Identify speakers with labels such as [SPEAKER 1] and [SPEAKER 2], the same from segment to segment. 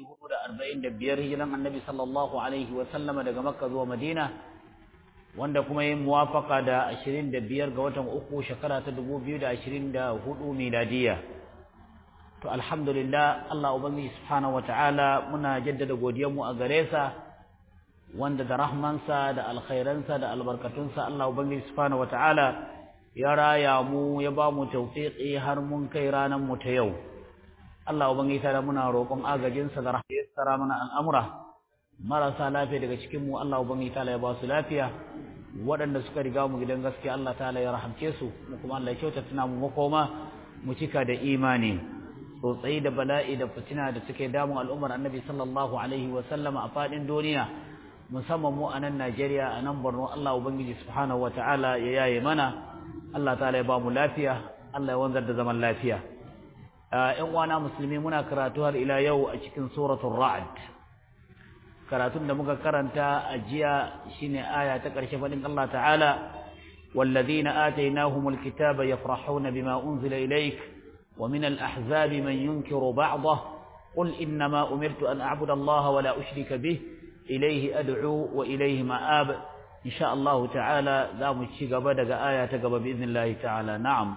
[SPEAKER 1] 445 hijiran annabi sallallahu alaihi wa daga makka zuwa madina wanda kuma yin muwafaka da 25 ga watan uku shekara ta 2024 miladiya to alhamdulillah Allah ubangiji subhanahu wataala muna jaddada godiyarmu a gare sa wanda da rahmansa da alkhairansa da albarkatunsa Allah ubangiji subhanahu wataala ya raya mu ya ba mu tawfiqi har mun kai ranar mu ta yau Allah ubangiji ta muna roƙon agajin sa da rahama ya tsara mana al'amura marasa lafiya daga cikin mu Allah ubangiji ta ya ba su lafiya waɗanda suka riga mu gidan gaskiya Allah ta ya rahamce su kuma Allah ya tana mu makoma mu cika da imani Tsotsai da bala'i da fitina da suke damun al'ummar annabi sallallahu alaihi sallama a fadin duniya musamman mu a nan Najeriya a nan Borno Allah ubangiji subhanahu ta'ala ya yaye mana Allah ta'ala ya ba mu lafiya Allah ya wanzar da zaman lafiya ‘yan wana musulmi muna karatu har ila yau a cikin suratun ra'ad karatun da muka karanta a jiya shine aya ta ƙarshe faɗin والذين آتيناهم الكتاب يفرحون بما أنزل إليك ومن الأحزاب من ينكر بعضه قل إنما أمرت أن أعبد الله ولا أشرك به إليه أدعو وإليه مآب إن شاء الله تعالى ذا مشيق بدق آية بإذن الله تعالى نعم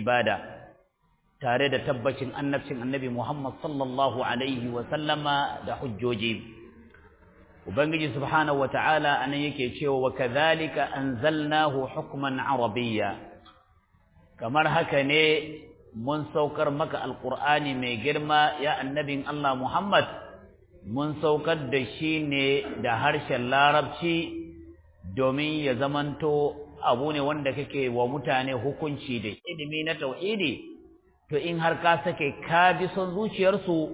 [SPEAKER 1] ibada tare da tabbacin annabcin annabi Muhammad sallallahu alaihi wa sallama da hujjoji ubangiji subhanahu wataala anan yake cewa wa kadhalika anzalnahu hukman arabiyya kamar haka ne mun saukar maka alqur'ani mai girma ya annabin Allah Muhammad mun saukar da shi ne da harshen larabci domin ya zamanto abu ne wanda kake wa mutane hukunci da ilimi na tauhidi to in har ka sake ka bi son zuciyarsu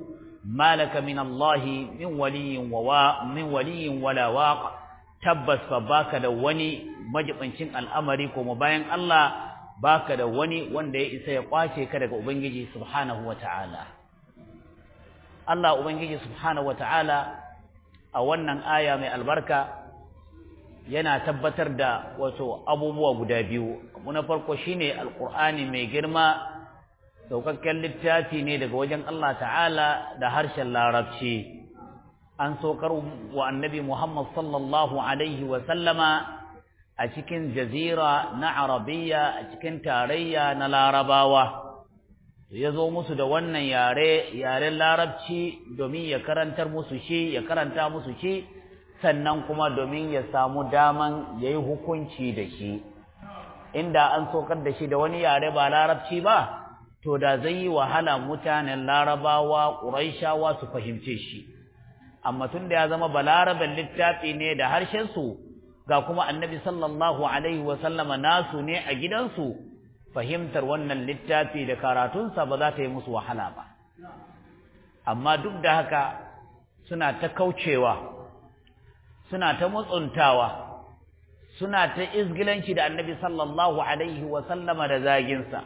[SPEAKER 1] malaka min Allah min waliyin wa min waliyin wala waqa tabbas fa baka da wani majibincin al'amari ko bayan Allah baka da wani wanda ya isa ya kwace ka daga ubangiji subhanahu wataala Allah ubangiji subhanahu wataala a wannan aya mai albarka yana tabbatar da wato abubuwa guda biyu abu na farko shine alqur'ani mai girma daukakken littafi ne daga wajen Allah ta'ala da harshen larabci an saukar wa annabi Muhammad sallallahu alaihi wa sallama a cikin jazira na arabiya a cikin tarayya na larabawa ya zo musu da wannan yare yaren larabci domin ya karantar musu shi ya karanta musu shi sannan kuma domin ya samu daman ya yi hukunci da shi inda an sokar da shi da wani yare ba larabci ba to da zai yi wahala mutanen larabawa ƙuraishawa su fahimce shi amma tun da ya zama balaraban littafi ne da harshensu ga kuma annabi sallallahu alaihi wa sallama nasu ne a gidansu fahimtar wannan littafi da karatunsa ba za ta yi musu wahala ba amma duk da haka suna ta kaucewa suna ta mutsuntawa suna ta izgilanci da annabi sallallahu alaihi sallama da zaginsa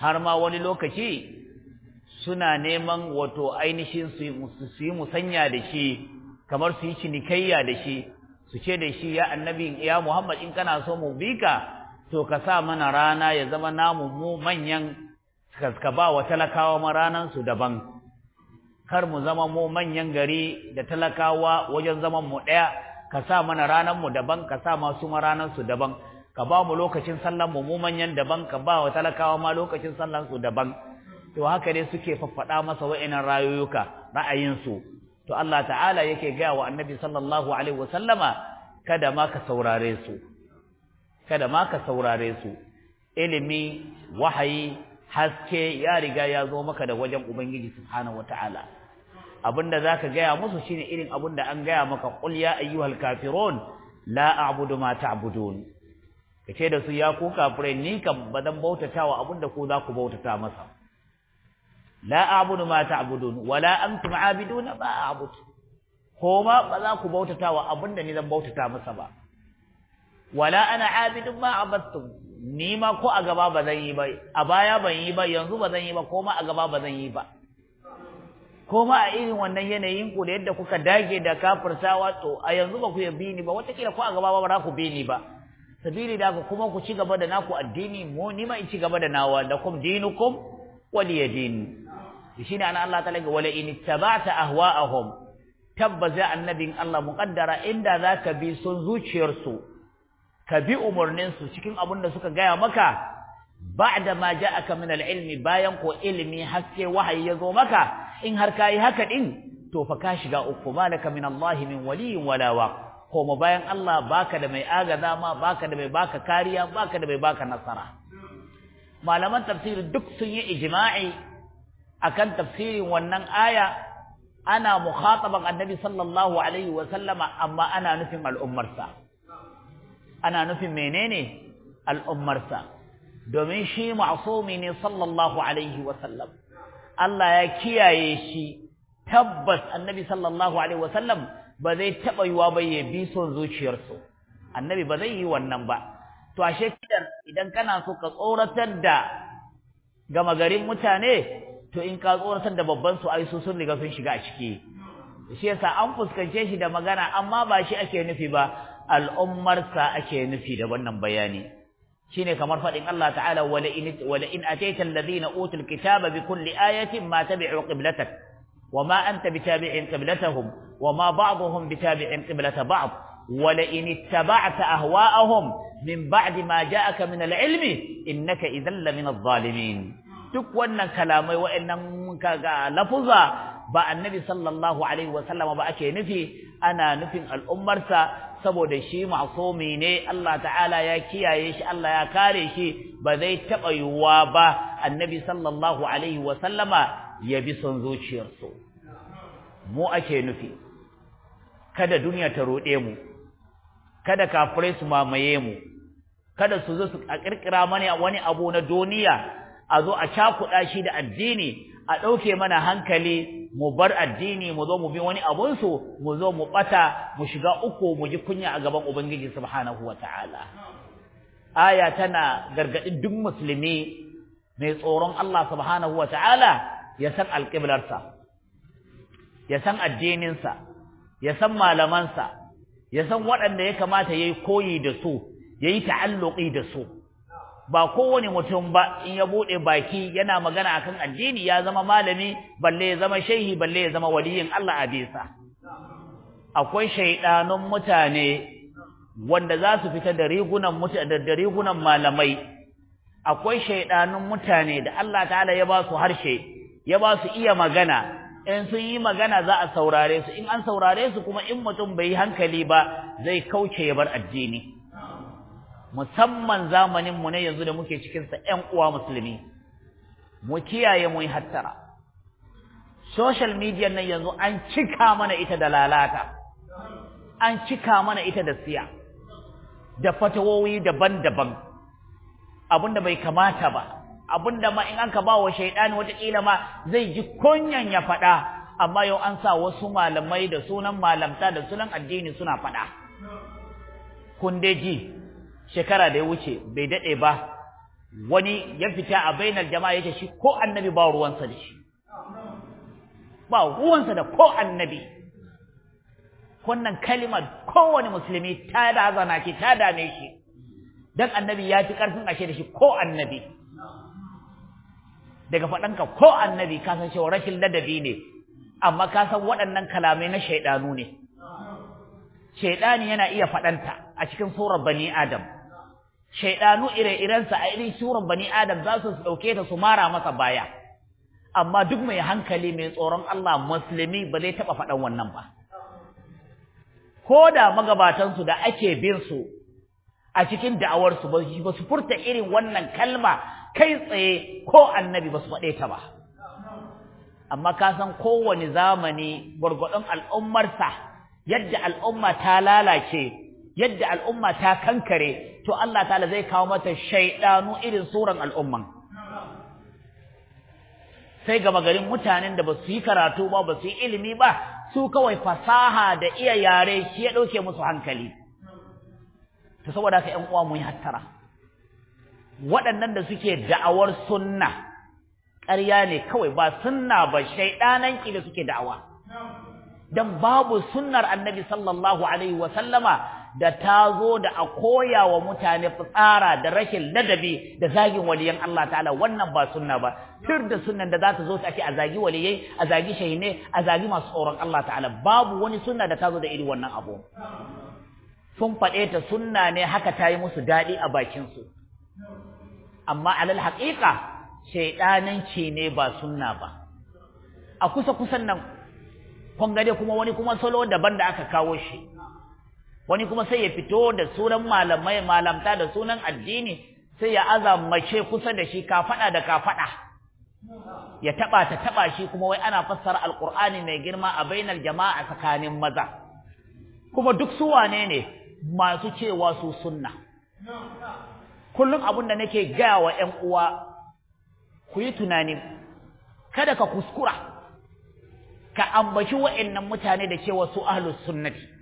[SPEAKER 1] har ma wani lokaci suna neman wato ainihin su yi musanya da shi kamar su yi cinikayya da shi su ce da shi ya annabi ya muhammad in kana so mu bi ka to ka sa mana rana ya zama namu mu manyan ka ba wa talakawa ma ranan su daban kar mu zama mu manyan gari da talakawa wajen zaman mu ɗaya ka sa mana ranar mu daban ka sa masu ma ranar su daban ka ba mu lokacin sallan mu mu manyan daban ka ba wa talakawa ma lokacin sallan su daban to haka ne suke faffaɗa masa wa'annan rayuyuka, ra'ayin su to Allah ta'ala yake ga wa annabi sallallahu alaihi wasallama kada ma ka saurare su kada ma ka saurare su ilimi wahayi haske ya riga ya zo maka da wajen ubangiji subhanahu wataala abinda zaka gaya musu shine irin abinda an gaya maka qul ya ayyuhal kafirun la a'budu ma ta'budun kace da su ya ku kafire ni kam badan bautatawa abinda ku za ku bautata masa la a'budu ma ta'budun wala antum a'biduna ba a'budu ko ma ba za ku bautatawa abinda ni zan bautata masa ba wala ana abidun ma abattum ni ma ko a gaba ba zan yi ba a baya ban yi ba yanzu ba zan yi ba ko ma a gaba ba zan yi ba ko ma a irin wannan yanayin ku da yadda kuka dage da kafirtawa to a yanzu ba ku bi ni ba watakila ko a gaba ba ba ku bi ni ba sabili da kuma ku ci gaba da naku addini mu ni ma in ci gaba da nawa kum dinukum waliya dini shine ana Allah ta ga wala in tabata ahwa'ahum tabbaza annabin Allah muqaddara inda zaka bi sun zuciyarsu ka bi umarninsu cikin abin da suka gaya maka ba'da ma ja'aka min al-ilmi bayan ko ilimi haske wahayi ya zo maka in har ka yi haka din to fa ka shiga uku malaka min Allah min waliyin walawa wa bayan Allah baka da mai agaza ma baka da mai ka kariya baka da mai baka nasara malaman tafsiri duk sun yi ijima'i akan tafsirin wannan aya ana mukhataban annabi sallallahu alaihi wa sallama amma ana nufin al'ummarsa ana nufin menene al'ummarsa domin shi ma'asumi ne sallallahu alaihi wasallam Allah ya kiyaye shi tabbas annabi sallallahu alaihi wasallam ba zai taɓa yiwa ba ya bi son zuciyarsu annabi ba zai yi wannan ba to ashe kidan idan kana so ka tsoratar da gama garin mutane to in ka tsoratar da babban su ai su sun riga sun shiga a ciki shi yasa an fuskance shi da magana amma ba shi ake nufi ba al'ummarsa ake nufi da wannan bayani shine kamar fadin Allah ta'ala wala in wala in ataita alladhina utul kitaba bi kulli ayatin ma tabi'u qiblatak wama anta bitabi'in qiblatahum wama ba'dhum bitabi'in qiblata ba'd wala in ittaba'ta ahwa'ahum min ba'di ma ja'aka min al-'ilmi innaka idhan la min adh-dhalimin duk wannan kalamai wa'annan kaga lafuza ba annabi sallallahu alaihi wasallama ba ake nufi ana nufin al'ummarsa saboda shi ma'sumi ne Allah ta'ala ya kiyaye shi Allah ya kare shi ba zai taba yiwuwa ba annabi sallallahu alaihi wasallama ya bi son zuciyarsu mu ake nufi kada duniya ta rode mu kada kafirai su mamaye mu kada su zo su kirkira mana wani abu na duniya a zo a cakuɗa shi da addini a ɗauke mana hankali mu bar addini mu zo mu bi wani abun su mu zo mu bata mu shiga uku mu ji kunya a gaban ubangiji subhanahu wataala aya tana gargadin duk musulmi mai tsoron Allah subhanahu wataala ya san alqiblarsa ya san addininsa ya san malamansa ya san waɗanda ya kamata yayi koyi da su yayi ta'alluqi da su ba kowane mutum ba in ya bude baki yana magana akan addini ya zama malami balle ya zama shehi balle ya zama waliyin Allah a bisa akwai shaidanun mutane wanda za su fita da rigunan mutane da rigunan malamai akwai shaidanun mutane da Allah ta'ala ya ba su harshe ya ba su iya magana in sun yi magana za a saurare su in an saurare su kuma in mutum bai yi hankali ba zai kauce ya bar addini musamman zamanin mu ne yanzu da muke cikin sa ƴan uwa musulmi mu kiyaye mu hattara social media nan yanzu an cika mana ita da lalata an cika mana ita da siya da fatawowi daban-daban abinda bai kamata ba abinda ma in an ka shaydani wata kila ma zai ji kunyan ya faɗa amma yau an sa wasu malamai da sunan malamta da sunan addini suna faɗa kun dai ji shekara da ya wuce bai daɗe ba wani ya fita a bainar jama'a yake shi ko annabi ba ruwansa da shi ba ruwansa da ko annabi wannan kalimar kowane musulmi ta dazana ce ta dame shi dan annabi ya fi ƙarfin ashe da shi ko annabi daga faɗanka ko annabi ka san cewa rashin ladabi ne amma ka san waɗannan kalamai na shaidanu ne shaidani yana iya faɗanta a cikin surar bani adam shaidanu ire-irensa a irin shuran bani adam za su dauke ta su mara masa baya amma duk mai hankali mai tsoron Allah musulmi ba zai taba faɗan wannan ba ko da magabatansu da ake bin su a cikin da'awar su ba su furta irin wannan kalma kai tsaye ko annabi ba su faɗe ta ba amma ka san kowane zamani gwargwadon al'ummarsa yadda al'umma ta lalace yadda al'umma ta kankare to Allah ta'ala zai kawo mata shaidanu irin suran al'umman sai gama garin mutanen da ba su yi karatu ba ba su yi ilimi ba su kawai fasaha da iya yare shi ya ɗauke musu hankali Ta saboda haka ƴan uwa mu yi hattara waɗannan da suke da'awar sunna ƙarya ne kawai ba sunna ba shaiɗananki da suke da'awa dan babu sunnar annabi sallallahu alaihi wa sallama da ta zo da a koya wa mutane tsara da rashin ladabi da zagin waliyan Allah ta'ala wannan ba sunna ba tur da sunnan da za ta zo ta ake a zagi waliyai a zagi shahine a zagi masu tsoron Allah ta'ala babu wani sunna da ta zo da iri wannan abu sun faɗe ta sunna ne haka ta yi musu daɗi a bakinsu amma alal haƙiƙa shaiɗananci ne ba sunna ba a kusa kusan nan kun kuma wani kuma salo daban da aka kawo shi wani kuma sai ya fito da sunan malamai malamta da sunan addini sai ya azammace kusa da shi kafada da kafada ya taba ta taba shi kuma wai ana fassara alqur'ani mai girma a bainar jama'a tsakanin maza kuma duk su wane ne masu cewa su sunna kullum abun da nake gaya wa ƴan uwa ku yi tunani kada ka kuskura ka ambaci wa'annan mutane da cewa su ahlus sunnati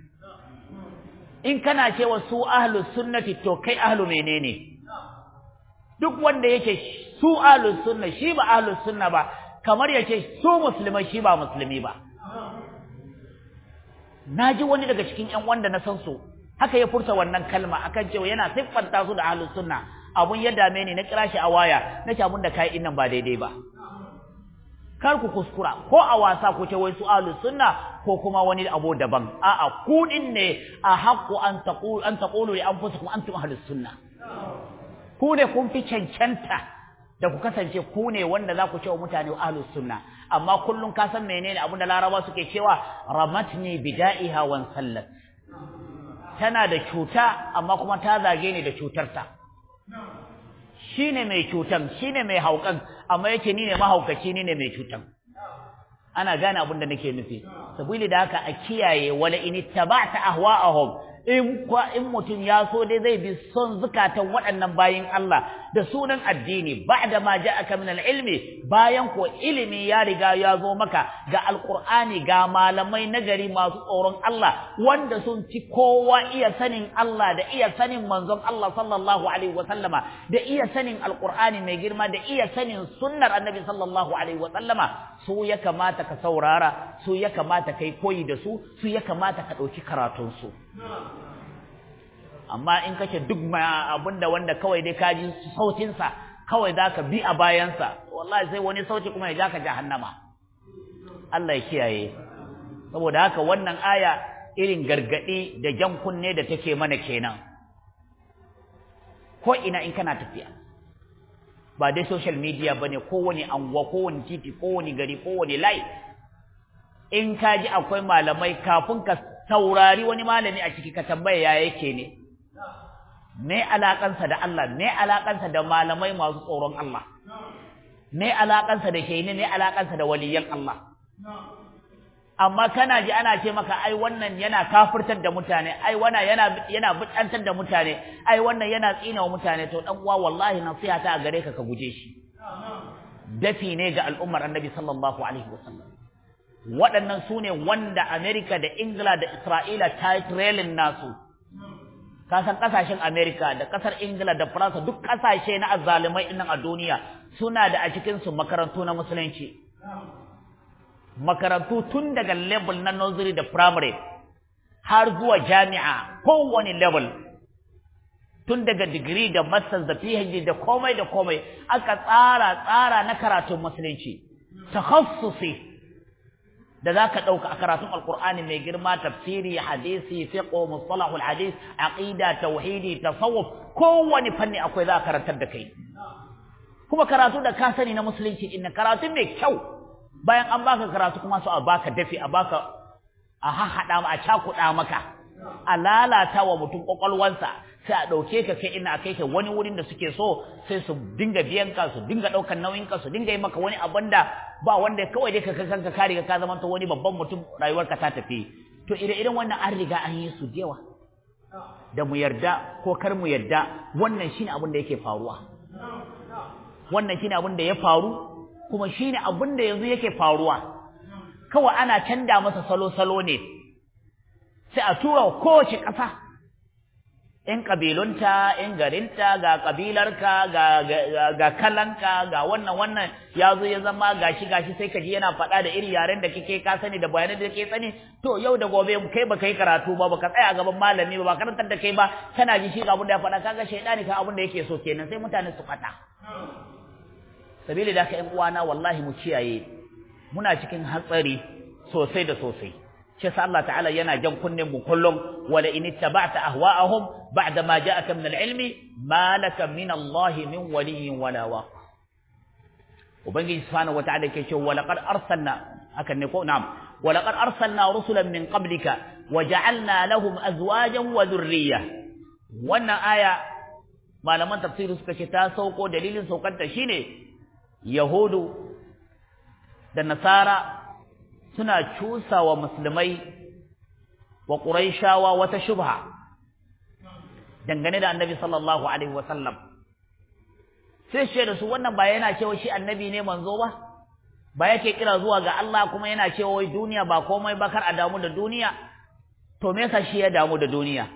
[SPEAKER 1] in kana cewa su ahlus sunnati to kai ahlu menene duk wanda yake su ahlus sunna shi ba ahlus sunna ba kamar yake su musulmai shi ba musulmi ba naji wani daga cikin ƴan wanda na san su haka ya furta wannan kalma akan cewa yana siffanta su da ahlus sunna abun ya dame ni na kira shi a waya nace abun da kai innan ba daidai ba kar ku kuskura ko a wasa ko ce wai su sunna ko kuma wani abu daban a'a ku din ne a haqqu an taqulu an taqulu li anfusikum antum ahlus sunna ku ne kun fi cancanta da ku kasance ku ne wanda za ku ce wa mutane ahlus sunna amma kullun ka san menene abin da laraba suke cewa ramatni bida'iha wan sallat tana da cuta amma kuma ta zage ni da cutarta Shi ne mai cutan shi ne mai haukan amma yake ni ne mahaukaci ni ne mai cutan ana gane abin da nake nufi sabili da haka a kiyaye wala in a ahwa'ahum in kwa in mutum ya so dai zai bi son zukatan waɗannan bayin Allah da sunan addini da ma ja'aka min al-ilmi bayan ko ilimi ya riga ya zo maka ga alqur'ani ga malamai nagari masu tsoron Allah wanda sun ci kowa iya sanin Allah da iya sanin manzon Allah sallallahu alaihi wa sallama da iya sanin alqur'ani mai girma da iya sanin sunnar annabi sallallahu alaihi wa sallama su ya kamata ka saurara su ya kamata kai koyi da su su ya kamata ka ɗauki karatunsu amma in kake duk abinda wanda kawai dai ka ji sautinsa kawai ka bi a bayansa wallahi sai wani sauti kuma ya ka jahannama Allah ya kiyaye saboda haka wannan aya irin gargaɗi da jan kunne da take mana kenan ko ina in kana tafiya ba dai social media bane wani anguwa wani titi wani gari wani layi in kaji akwai malamai kafin ka taurari wani malami a ciki ka tambaya ya yake ne me alakansa da Allah me alakansa da malamai masu tsoron Allah me alakansa da ne, me alakansa da waliyan Allah amma kana ji ana ce maka ai wannan yana kafirtar da mutane ai wannan yana yana bidantar da mutane ai wannan yana tsina wa mutane to dan uwa wallahi nasiha ta gare ka ka guje shi dafi ne ga al'ummar annabi sallallahu alaihi wasallam waɗannan su ne wanda Amerika da Ingila da Isra'ila ta yi trailing nasu kasan ƙasashen Amerika da ƙasar Ingila da Faransa duk ƙasashe na azalimai nan a duniya suna da a cikinsu makarantu na musulunci makarantu tun daga level na nursery da primary har zuwa jami'a kowane level tun daga digiri da masters da PhD da komai da komai aka tsara tsara na karatun musulunci takhassusi da za ka ɗauka a karatun alkur'ani mai girma tafsiri hadisi fiqo mustalahul hadis aqida tauhidi tasawuf kowane fanni akwai za a karantar da kai kuma karatu da ka sani na musulunci inna karatu mai kyau bayan an baka karatu kuma su a baka dafi a baka a hahada a cakuɗa maka a lalata wa mutum ƙwaƙwalwansa sai a ɗauke ka kai ina kai ka wani wurin da suke so sai su dinga biyan ka su dinga ɗaukan nauyin ka su dinga yi maka wani abin da ba wanda kawai dai ka kai kanka ka riga ka zama ta wani babban mutum rayuwar ka ta tafi to ire-iren wannan an riga an yi su da yawa da mu yarda ko kar mu yarda wannan shine abin da yake faruwa wannan shine abin da ya faru kuma shine abin da yanzu yake faruwa kawai ana canda masa salo-salo ne sai a tura kowace ƙasa in ƙabilunta in garinta ga ƙabilarka ga kalanka ga wannan wannan ya zo ya zama gashi gashi sai ka ji yana faɗa da iri yaren da kike ka sani da bayanan da kike sani to yau da gobe kai baka yi karatu ba baka tsaya gaban malami ba karantar da kai ba kana ji shi ga abin da ya faɗa kaga shaidani ka abin da yake so kenan sai mutane su fata sabili da ka ƴan uwana wallahi mu kiyaye muna cikin hatsari sosai da sosai shi yasa Allah ta'ala yana jan kunnen mu kullum wala in ittaba'ta ahwa'ahum ba'da ma ja'aka min al-ilmi ma laka min Allah min waliyyin wala waq ubangiji subhanahu wata'ala yake cewa laqad arsalna hakan ne ko na'am ولقد أرسلنا رسلا من قبلك وجعلنا لهم أزواجا وذرية وأن آية ما لم تفسير سكشتا سوق دليل سوقت شيني يهود da nasara suna cusawa musulmai wa quraishawa wata shubha dangane da annabi sallallahu alaihi wasallam sai shi da su wannan ba yana cewa shi annabi ne manzo ba ba yake kira zuwa ga Allah kuma yana cewa wai duniya ba komai ba kar a damu da duniya to me yasa shi ya damu da duniya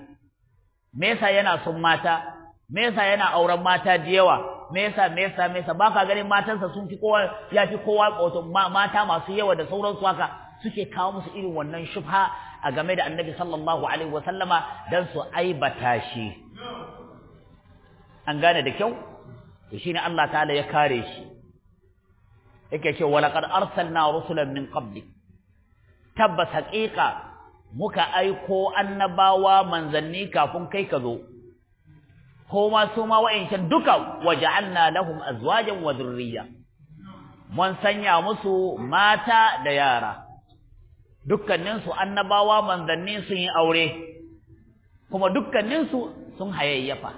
[SPEAKER 1] me yasa yana son mata me yasa yana auren mata da yawa me yasa me yasa me yasa baka ganin matansa sun fi kowa ya fi kowa wato mata masu yawa da sauransu haka suke kawo musu irin wannan shubha a game da annabi sallallahu alaihi wa sallama dan su aibata shi an gane da kyau to shine Allah ta'ala ya kare shi yake cewa laqad arsalna rusulan min qabli tabbas haqiqa muka aiko annabawa manzanni kafin kai ka zo ko ma su ma duka waje lahum azwajan wa dhurriyya mun sanya musu mata da yara dukkanin su annabawa manzanni sun yi aure kuma dukkanin su sun hayayyafa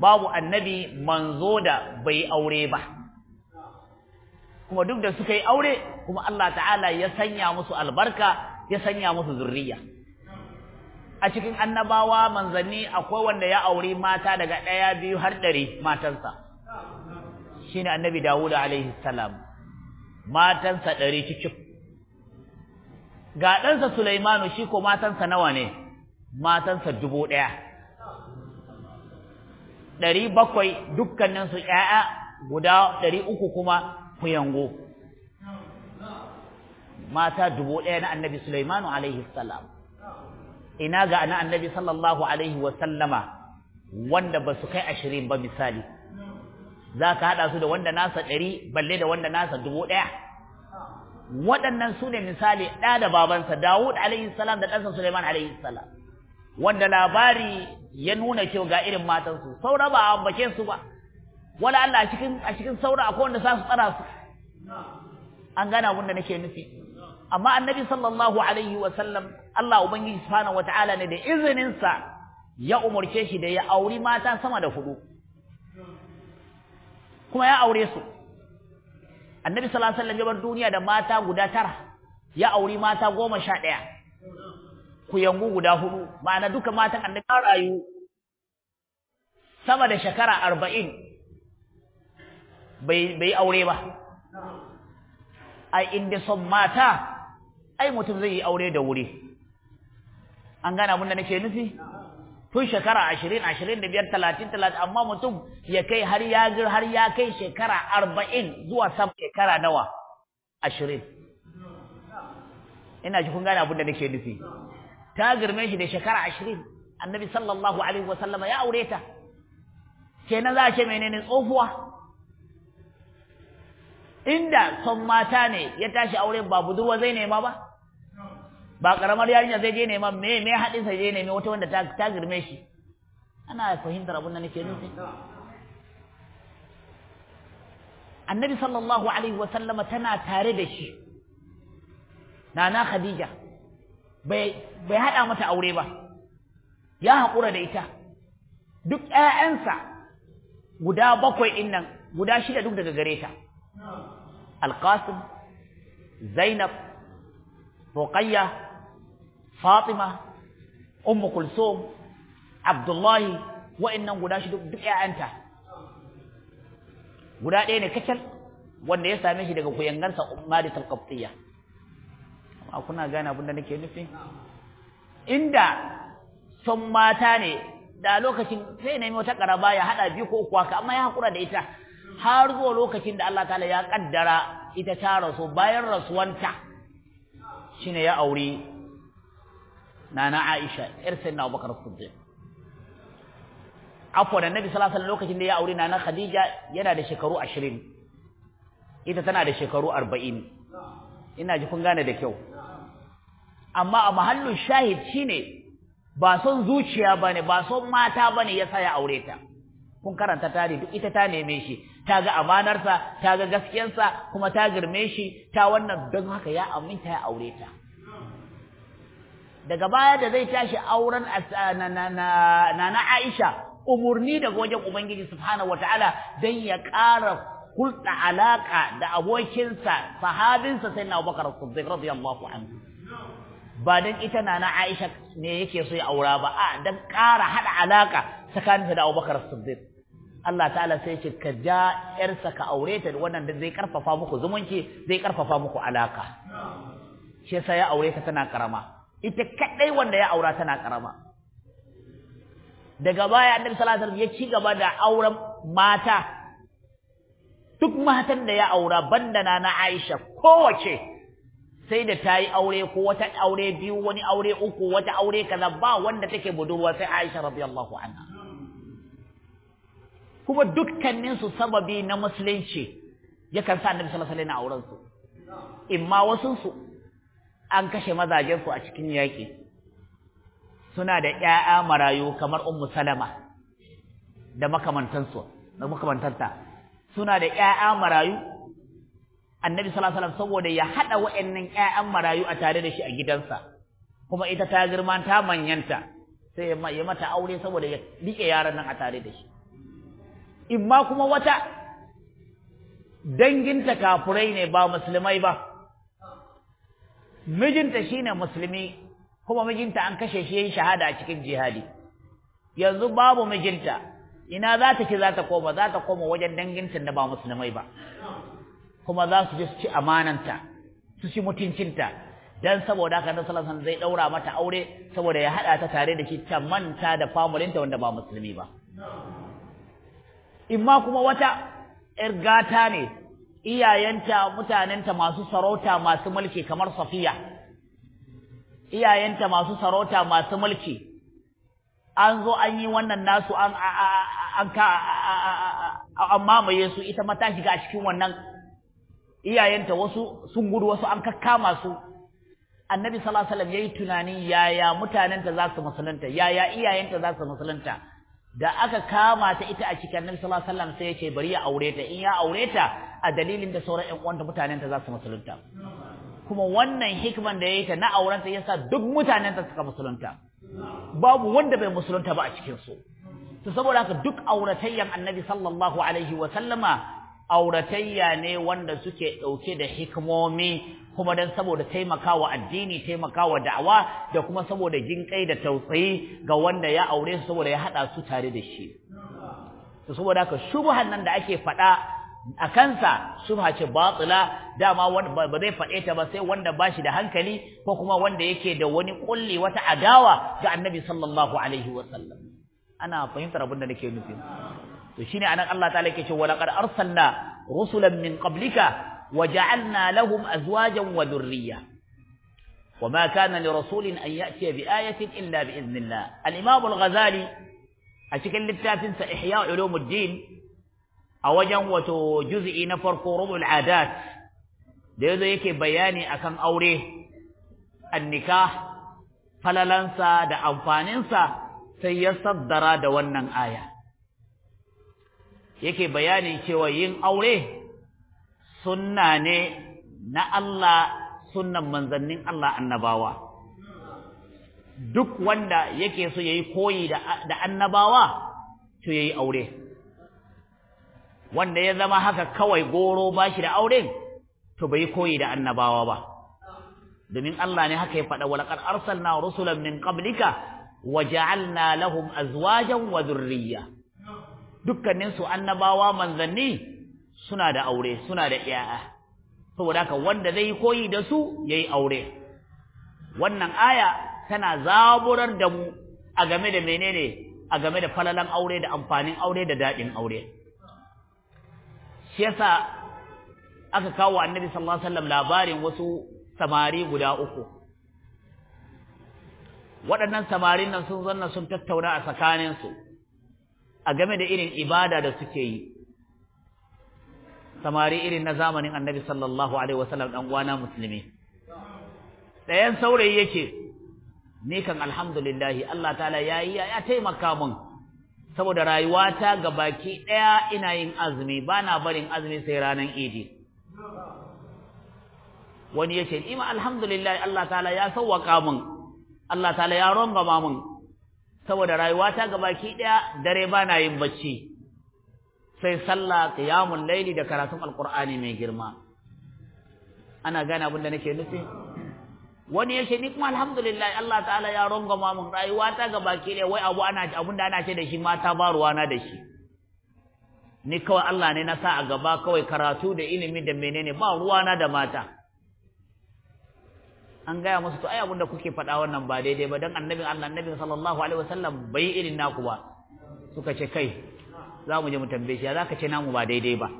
[SPEAKER 1] babu annabi manzo da bai aure ba kuma duk da suka yi aure kuma Allah ta'ala ya sanya musu albarka ya sanya musu zurriya a cikin annabawa manzanni akwai wanda ya aure mata daga ɗaya biyu har ɗari matansa shine annabi Dawud alaihi salam matansa ɗari cikin ga ɗansa Sulaimanu shi ko matansa nawa ne matansa dubu ɗaya ɗari bakwai dukkaninsu ‘ya'ya guda ɗari uku kuma kuyango mata dubu ɗaya na annabi Sulaimanu alaihi salam ina ga ana annabi sallallahu alaihi wa sallama wanda ba su kai ashirin ba misali za ka haɗa su da wanda nasa ɗari balle da wanda nasa dubu ɗaya waɗannan su ne misali ɗa da babansa dawud alaihi salam da ɗansa suleiman alaihi salam wanda labari ya nuna cewa ga irin matansu saura ba a ambace su ba wala Allah a cikin a cikin saura akwai wanda za su tsara su an gana abin da nake nufi amma annabi sallallahu alaihi wa sallam Allah ubangiji subhanahu wataala ne da izinin sa ya umurce shi da ya auri mata sama da hudu kuma ya aure su annabi sallallahu alaihi wasallam ya bar duniya da mata guda tara ya auri mata goma sha ɗaya ku yangu guda hudu ma'ana duka matan annabi ta rayu sama da shekara arba'in bai aure ba a inda son mata ai mutum zai yi aure da wuri an gane abin da nake nufi tun shekara ashirin ashirin da biyar talatin talatin amma mutum ya kai har ya har ya kai shekara arba'in zuwa sama shekara nawa ashirin ina ji kun gane abin da nake nufi ta girme shi da shekara ashirin annabi sallallahu alaihi wasallama ya aure ta kenan za a ce menene tsohuwa inda son mata ne ya tashi aure ba budurwa zai nema ba ba karamar yarinya zai je neman me me haɗin sa je neman wata wanda ta ta girme shi ana fahimtar abin da nake nufi annabi sallallahu alaihi wa sallama tana tare da shi nana khadija bai bai hada mata aure ba ya haƙura da ita duk ƴaƴansa guda bakwai ɗin nan guda shida duk daga gare ta alqasim zainab ruqayyah Fatima Ummu Kulsum Abdullahi wa'annan guda shi duk ƴaƴanta guda ɗaya ne kacal wanda ya same shi daga kuyangansa Ummari Talqabtiyya amma kuna gane abin da nake nufi inda son mata ne da lokacin sai nemi wata karaba ya hada biyu ko uku haka amma ya hakura da ita har zuwa lokacin da Allah ta'ala ya kaddara ita ta rasu bayan rasuwanta shine ya aure nana Aisha yar sayyidina Abubakar Siddiq afwan annabi sallallahu alaihi lokacin da ya aure nana Khadija yana da shekaru 20 ita tana da shekaru 40 ina ji kun gane da kyau amma a mahallin shahid shine ba son zuciya bane ba son mata bane yasa ya aure ta kun karanta tare duk ita ta neme shi ta ga amanarsa ta ga gaskiyarsa kuma ta girme shi ta wannan don haka ya aminta ya aure ta daga baya da zai tashi auren na na Aisha umurni daga wajen Ubangiji subhanahu wataala dan ya ƙara hulɗa alaka da abokinsa sahabinsa sai na Abubakar Siddiq radiyallahu anhu ba dan ita na na Aisha ne yake so ya aura ba a dan ƙara hada alaka tsakaninsa da Abubakar Siddiq Allah ta'ala sai ce ka ja yarsa ka aure ta wannan da zai karfafa muku zumunci zai karfafa muku alaka shi yasa ya aure ta tana karama ita kadai wanda ya aura tana karama daga baya annabi sallallahu alaihi wasallam ya ci gaba da auren mata duk matan da ya aura banda na na Aisha kowace sai da tayi yi aure ko wata aure biyu wani aure uku wata aure kaza ba wanda take budurwa sai Aisha radiyallahu anha kuma dukkaninsu sababi na musulunci yakan sa annabi sallallahu alaihi wasallam auren su imma wasunsu an kashe mazajensu a cikin yaƙi suna da ƴaƴa marayu kamar ummu salama da makamantansu da makamantanta suna da ƴaƴa marayu annabi sallallahu alaihi wasallam saboda ya hada wa'annan ƴaƴan marayu a tare da shi a gidansa kuma ita ta girma ta manyanta sai ya mata aure saboda ya rike yaran nan a tare da shi imma kuma wata danginta kafurai ne ba musulmai ba mijinta shine musulmi kuma mijinta an kashe shi yayin shahada a cikin jihadi yanzu babu mijinta ina za ta ci za ta koma za ta koma wajen danginta da ba musulmai ba kuma za su je su ci amananta su ci mutuncinta dan saboda haka nan sallallahu alaihi zai daura mata aure saboda ya hada ta tare da shi ta manta da famulinta wanda ba musulmi ba imma kuma wata 'yar ne iyayenta mutanenta masu sarauta masu mulki kamar safiya iyayenta masu sarauta masu mulki an zo an yi wannan nasu an an ka an mamaye su ita ma ta shiga a cikin wannan iyayenta wasu sun gudu wasu an kakkama su annabi sallallahu alaihi wasallam yayi tunani yaya mutanenta za su musulunta yaya iyayenta za su musulunta da aka kama ta ita a cikin annabi sallallahu alaihi wasallam sai ya ce bari ya aure ta in ya aure ta a dalilin da sauran 'yan uwanta mutanen ta za su musulunta kuma wannan hikman da ya yi ta na aurenta ya yasa duk mutanen ta suka musulunta babu wanda bai musulunta ba a cikin su saboda haka duk auratayyan annabi sallallahu alaihi wa sallama auratayya ne wanda suke ɗauke da hikimomi kuma dan saboda taimakawa addini taimakawa da'awa da kuma saboda jinƙai da tausayi ga wanda ya aure su saboda ya haɗa su tare da shi to saboda haka shubhan nan da ake faɗa. a kansa shubha ce batila dama wanda ba zai fade ta ba sai wanda bashi da hankali ko kuma wanda yake da wani kulli wata adawa ga annabi sallallahu alaihi wasallam ana fahimtar abin da nake nufi to shine anan Allah ta'ala yake cewa laqad arsalna rusulan min qablika wa ja'alna lahum azwajan wa dhurriyya kana li rasulin an وما bi ayatin illa bi idhnillah al-imam al-ghazali a cikin littafin sa ihya' ulumuddin a wajen wato juz'i na farko rubul adat da yazo yake bayani akan aure annika falalansa da amfaninsa sai ya saddara da wannan aya yake bayani cewa yin aure sunna ne na Allah sunnan manzannin Allah annabawa duk wanda yake so yayi koyi da annabawa to yayi aure wanda ya zama haka kawai goro bashi da auren to bai koyi da annabawa ba domin Allah ne haka ya faɗa walaqad arsalna rusulan min qablika wa ja'alna lahum azwajan wa dhurriyya dukkanin su annabawa manzanni suna da aure suna da iyaya saboda haka wanda zai koyi da su yayi aure wannan aya tana zaburar da mu a game da menene a game da falalan aure da amfanin aure da daɗin aure shi yasa aka kawo annabi sallallahu alaihi wasallam labarin wasu samari guda uku waɗannan samarin nan sun zanna sun tattauna a tsakaninsu a game da irin ibada da suke yi samari irin na zamanin annabi sallallahu alaihi wasallam dan uwana musulmi ɗayan saurayi yake ni kan lillahi Allah ta'ala yayi ya taimaka mun saboda rayuwata ga baki ɗaya ina yin azumi bana barin azumi sai ranan idi wani ya ce ma alhamdulillah Allah ta'ala ya sawwaka mun Allah ta'ala ya ma mun. saboda rayuwata ga baki ɗaya dare bana yin bacci sai sallah qiyamul laili da karatun alqur'ani mai girma ana gane abin da nake nufi wani ya ce ni kuma alhamdulillah Allah ta'ala ya ma mun rayuwa ta ga baki ne wai abu ana abun da ana ce da shi mata ba na da shi ni kawai Allah ne na sa a gaba kawai karatu da ilimi da menene ba ruwa na da mata an gaya musu to ai abun da kuke faɗa wannan ba daidai ba dan annabi Allah annabi sallallahu alaihi wasallam bai irin naku ba suka ce kai za mu je mu tambaye shi za ka ce namu ba daidai ba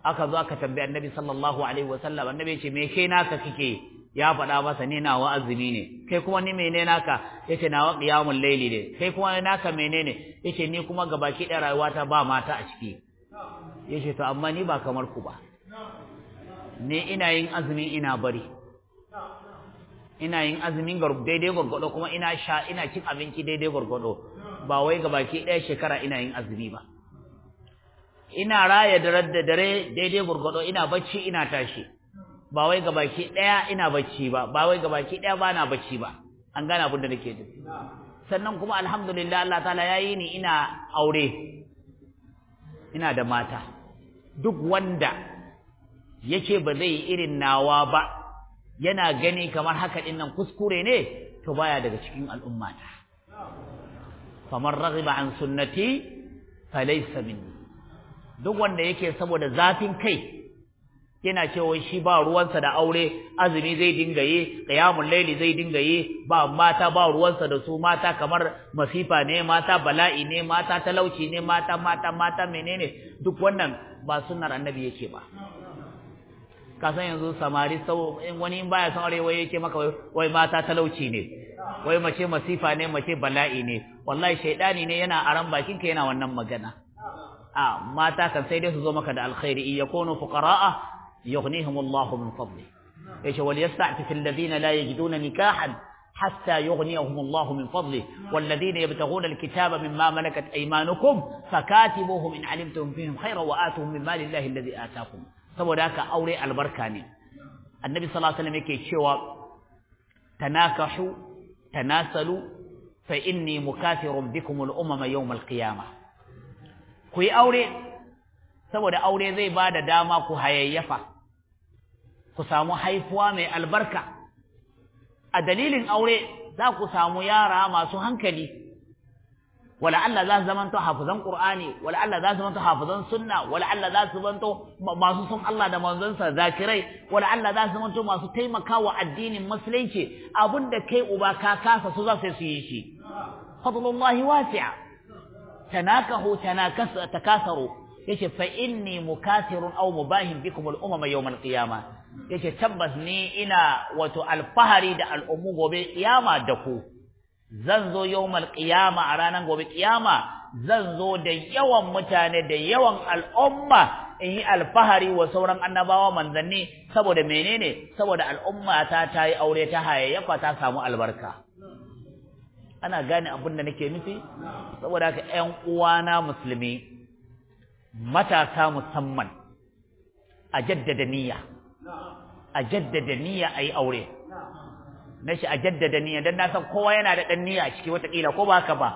[SPEAKER 1] aka zo aka tambaye annabi sallallahu alaihi wasallam annabi ya ce me kai naka kike ya faɗa masa ni nawa wa'azumi ne kai kuma ni menene naka yace nawa qiyamul laili ne kai kuma naka menene yace ni kuma gabaki da rayuwata ba mata a ciki yace to amma ni ba kamar ku ba
[SPEAKER 2] ni ina yin
[SPEAKER 1] azumi ina bari ina yin azumin daidai gwargwado kuma ina sha ina cin abinci daidai gwargwado ba wai gabaki ɗaya shekara ina yin azumi ba ina raya dare da dare daidai gwargwado ina bacci ina tashi ba wai gabaki daya ina bacci ba ba wai gabaki daya ba na bacci ba an gane abin da nake tafi sannan kuma alhamdulillah Allah ta'ala yayi ni ina aure ina da mata duk wanda yake ba zai yi irin nawa ba yana gani kamar haka din nan kuskure ne to baya daga cikin al'umma ta faman raghiba an sunnati falaysa minni duk wanda yake saboda zafin kai yana cewa shi ba ruwansa da aure azumi zai dinga yi qiyamul laili zai dinga yi ba mata ba ruwansa da su mata kamar masifa ne mata bala'i ne mata talauci ne mata mata mata menene duk wannan ba sunnar annabi yake ba ka san yanzu samari sau in wani baya san aure wai yake maka wai mata talauci ne wai mace masifa ne mace bala'i ne wallahi shaydani ne yana aran bakin ka yana wannan magana a mata kan sai dai su zo maka da alkhairi iyakunu fuqara'a يغنيهم الله من فضله إيش هو وليستعفف الذين لا يجدون نكاحا حتى يغنيهم الله من فضله والذين يبتغون الكتاب مما ملكت أيمانكم فكاتبوهم إن علمتم فيهم خيرا وآتهم من مال الله الذي آتاكم فبداك أولي البركاني النبي صلى الله عليه وسلم يكي شوى تناكحوا تناسلوا فإني مكاثر بكم الأمم يوم القيامة كي أولي سبدا أولي ذي بعد داماك هيا يفا ku samu haifuwa mai albarka a dalilin aure za ku samu yara masu hankali wala Allah za su zamanto hafizan Qur'ani wala Allah za su zamanto hafizan sunna wala Allah za su zamanto masu son Allah da manzonsa zakirai wala Allah za su zamanto masu taimakawa addinin musulunci abinda kai uba ka kasa su za su yi shi fadlullahi wasi'a tanakahu tanakas takasaru yake fa inni mukathirun aw mubahin bikum al-umama yawm al-qiyama yace tabbas ni ina wato alfahari da al'ummu gobe kiyama da ku zan zo yawm al-qiyama a ranar gobe kiyama zan zo da yawan mutane da yawan al'umma in yi alfahari wa sauran annabawa manzanni saboda menene saboda al'ummata ta ta yi aure ta hayayyafa ta samu albarka ana gane abin da nake nufi saboda haka ƴan uwana musulmi matasa musamman a jaddada niyya a jaddada niyya a yi aure na shi a jaddada niyya don na san kowa yana da ɗan niyya a ciki watakila ko ba haka ba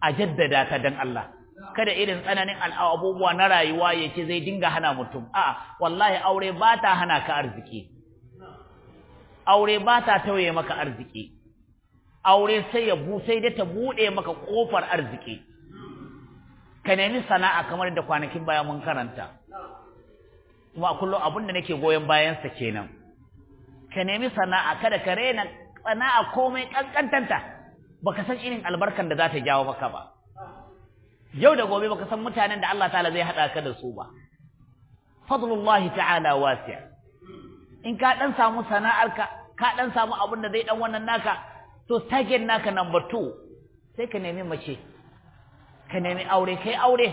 [SPEAKER 1] a jaddada ta don Allah kada irin tsananin abubuwa na rayuwa ya ce zai dinga hana mutum a wallahi aure ba ta hana ka arziki aure ba ta tauye maka arziki aure sai ya bu sai da ta buɗe maka ƙofar arziki ka nemi sana'a kamar da kwanakin baya mun karanta kuma kullum abin da nake goyon bayansa kenan ka nemi sana'a kada ka rena sana'a komai kankantanta baka san irin albarkan da za ta jawo maka ba yau da gobe baka san mutanen da Allah ta'ala zai hada ka da su ba fadlullahi ta'ala wasi' in ka dan samu sana'arka ka dan samu abin da zai dan wannan naka to target naka number 2 sai ka nemi mace ka nemi aure kai aure